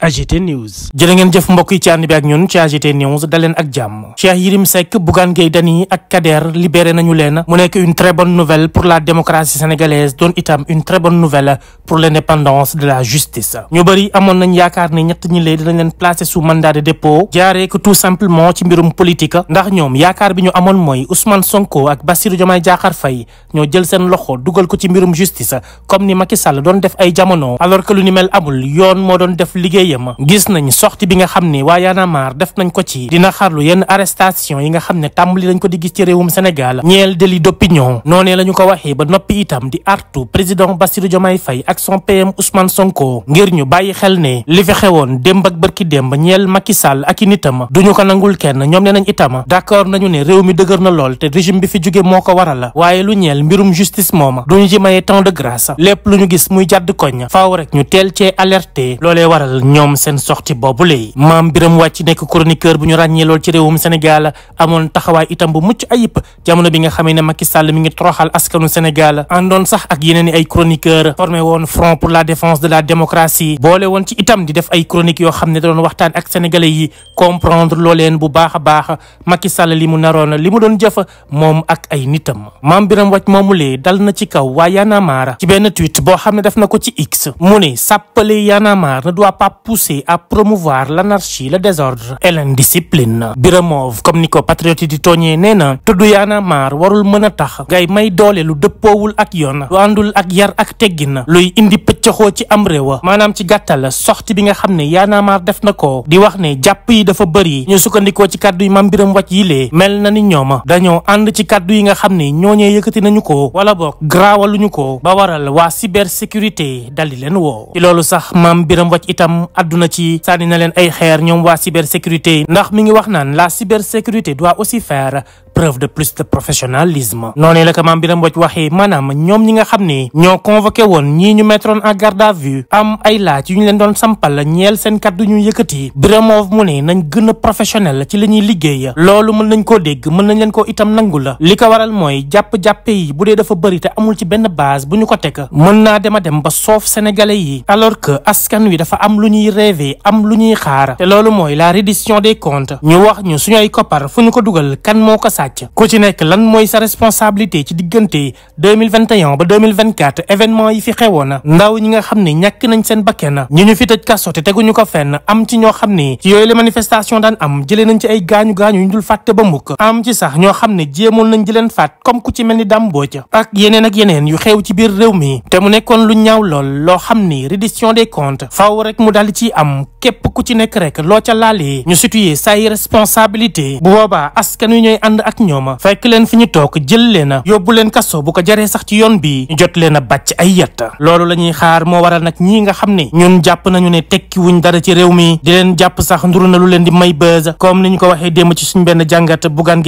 AGT News jërë ngeen jëf mbokk yi ci ànd bi ak ñun ci AGT News daleen ak jàmm Cheikh Yérim Seck Bougane Gueye Dany ak Kader libéré nañu leen mu nekk une très bonne nouvelle pour la démocratie sénégalaise doon itam une très bonne nouvelle pour l'indépendance de la justice ñu bëri amoon nañ yaakaar ne ñett ñi lee dinañ leen placé sous mandat de dépôt jaaree ko tout simplement ci mbirum politique ndax ñoom yaakaar bi ñu amoon mooy Ousmane Sonko ak Bassirou Diomaye doon def ay jamono liggéeyam gis nañ sortie bi nga xam ni waa a def nañ ko ci dina xarlu yenn arrestation yi nga xam ne tàmbali dañ ko di gis ci réewum Sénégal ñeel délit d'opinion noonee la ko waxee ba noppi itam di artu président Bassirou Diomaye Faye ak PM Ousmane Sonko ngir ñu bàyyi xel ne li fi xewoon démb ak bërki démb ñeel Macky ak i nitam duñu ko nangul kenn ñoom nee nañ itam d'accord nañu ne réew mi dëgër na lool te régime bi fi jóge moo ko waral waaye lu ñeel ñoom seen sortie boobule maam biram wàcc nekk chroniqueur bu ñu ràññee lool ci réewum Sénégal amoon taxawaay itam bu mucc ayib jamono bi nga xamee ne Macky Sall mi ngi toroxal askanu Sénégal àndoon sax ak yeneen i chroniqueur formé woon front pour la défense de la démocratie boole leen bu baax a baax Macky Sall li mu naroon li mu doon jëf moom ak ay nitam maam biram wàcc moomulee dal na ci kaw waa Yanamar ci benn tweet boo xam ne def na ko ci X mu ne sàppale Yanamar poussé à promouvoir l'anarchie le désordre et l'indiscipline Biramov comme ni ko patriote di tooñee nee na tudd yaana maar warul mën a tax ngay may doole lu dëppoowul ak yoon lu àndul ak yar ak teggin luy indi pëccaxoo ci am réewa maanaam ci gàttal sortie bi nga xam ne yaana maar def na ko di wax ne jàpp yi dafa bëri ñu sukkandikoo ci kàddu yi mam Biram Wacc yi lee mel na ni ñooma dañoo ànd ci kàddu yi nga xam ne ñooñee yëkkati nañu ko wala boog ko ba waral waa cybersécurité dali leen àdduna ci sànni na leen ay xeer ñoom waa cybersécurité ndax mi ngi wax naan la cybersécurité doit aussi faire preuve de plus de professionnalisme noonu la ko maam Birame Mbodj waxee maanaam ñoom ñi nga xam ne ñoo convoqué woon ñii ñu mettroon en garde à vue am ay laaj yu ñu leen doon sampal ñeel seen kàddu ñu yëkkati Birame mu ne nañ gën a professionnel ci li ñuy loolu mën nañ koo dégg mën nañ leen koo itam nangu la li ko waral mooy jàpp-jàppe yi bu dee dafa bëri te amul ci benn base bu ñu ko teg mën naa dem a dem ba soof sénégalais yi alors que askan wi dafa am lu ñuy rêvé lu ñuy xaar te loolu la reddition des comptes ñu wax ñu suñu ay sàcc ku ci nekk lan mooy sa responsabilité ci diggante ba événement yi fi xewoon ndaw ñi nga xam ne ñàkk nañ seen bakkan ñu ñu fi tëj kaso te teguñu ko fenn am ci ñoo xam ne ci yooyu la manifestation daan am jëlee nañ ci ay gaañu-gaañu ñu dul fàtte ba mukk am ci sax ñoo xam ne jéemoon nañ di faat comme ku ci mel ni dàmbooja ak yeneen ak yeneen yu xew ci biir réew mi te mu nekkoon lu ñaaw lool loo xam ni reddition des comptes faaw rek mu daal ak ñooma fekk leen fi ñu toog jël leen a yóbbu leen kaso bu ko jaree sax ci yoon bi ñu ne ñun jàpp nañu ne tekki wuñ dara ci réew mi di leen jàpp sax nduru na lu leen di may bës comme ni ko waxee démb ci suñ benn jàngat Bougane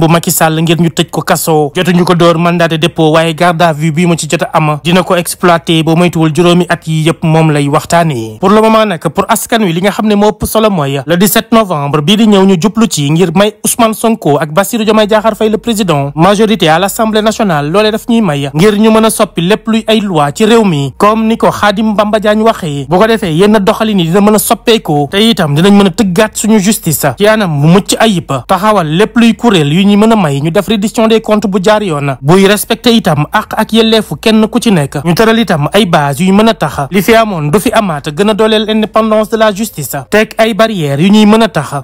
bu Macky Sall ngir ñu tëj ko kaso jotuñu ko door mandat de dépôt waaye garde à vue bii mu ci jot a am dina ko exploité ba moytuwul juróomi at yi yëpp moom lay waxtaanee pour le moment nag pour askan wi li nga xam ne moo ëpp solo mooy le novembre bii di ñëw ñu jublu ci ngir may Ousmane Sonko ak Bassirou Diomaye Diakhar Faye le président majorité à l'Assemblée nationale loolee daf ñuy may ngir ñu mën a soppi lépp luy ay loi ci réew mi comme ni ko Khadim Bamba waxee bu ko defee yenn doxalin dina mën a soppeekoo te itam dinañ mën a tëggaat suñu justice ci anam mucc ayib taxawal lépp luy kuréel yu ñu mën a may ñu def reddition des comptes bu jaar yoon buy respecté itam ak ak yelleefu kenn ku ci nekk ñu tëral itam ay base yu a a ñuy mën a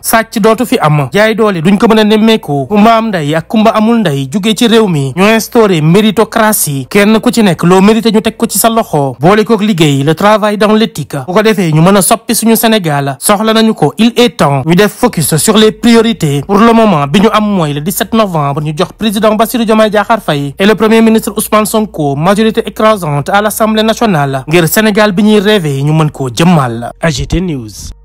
liñ ko mën a nemmeeku kumba am ak kumba amul nday jugee ci réew mi ñu instauré méritocratie kenn ku ci nekk loo mérité ñu teg ko ci sa loxo boole kook liggéey le travail dans l'éthique bu ko defee ñu mën a soppi suñu Sénégal soxla nañu ko il est temps ñu def focus sur les priorités pour le moment bi ñu am mooy le 17 novembre ñu jox président Bassirou Diomaye Diakhar Faye et le premier ministre Ousmane Sonko majorité écrasante à l'Assemblée nationale ngir Sénégal bi ñuy rêvé ñu mën koo jëmmal AGT News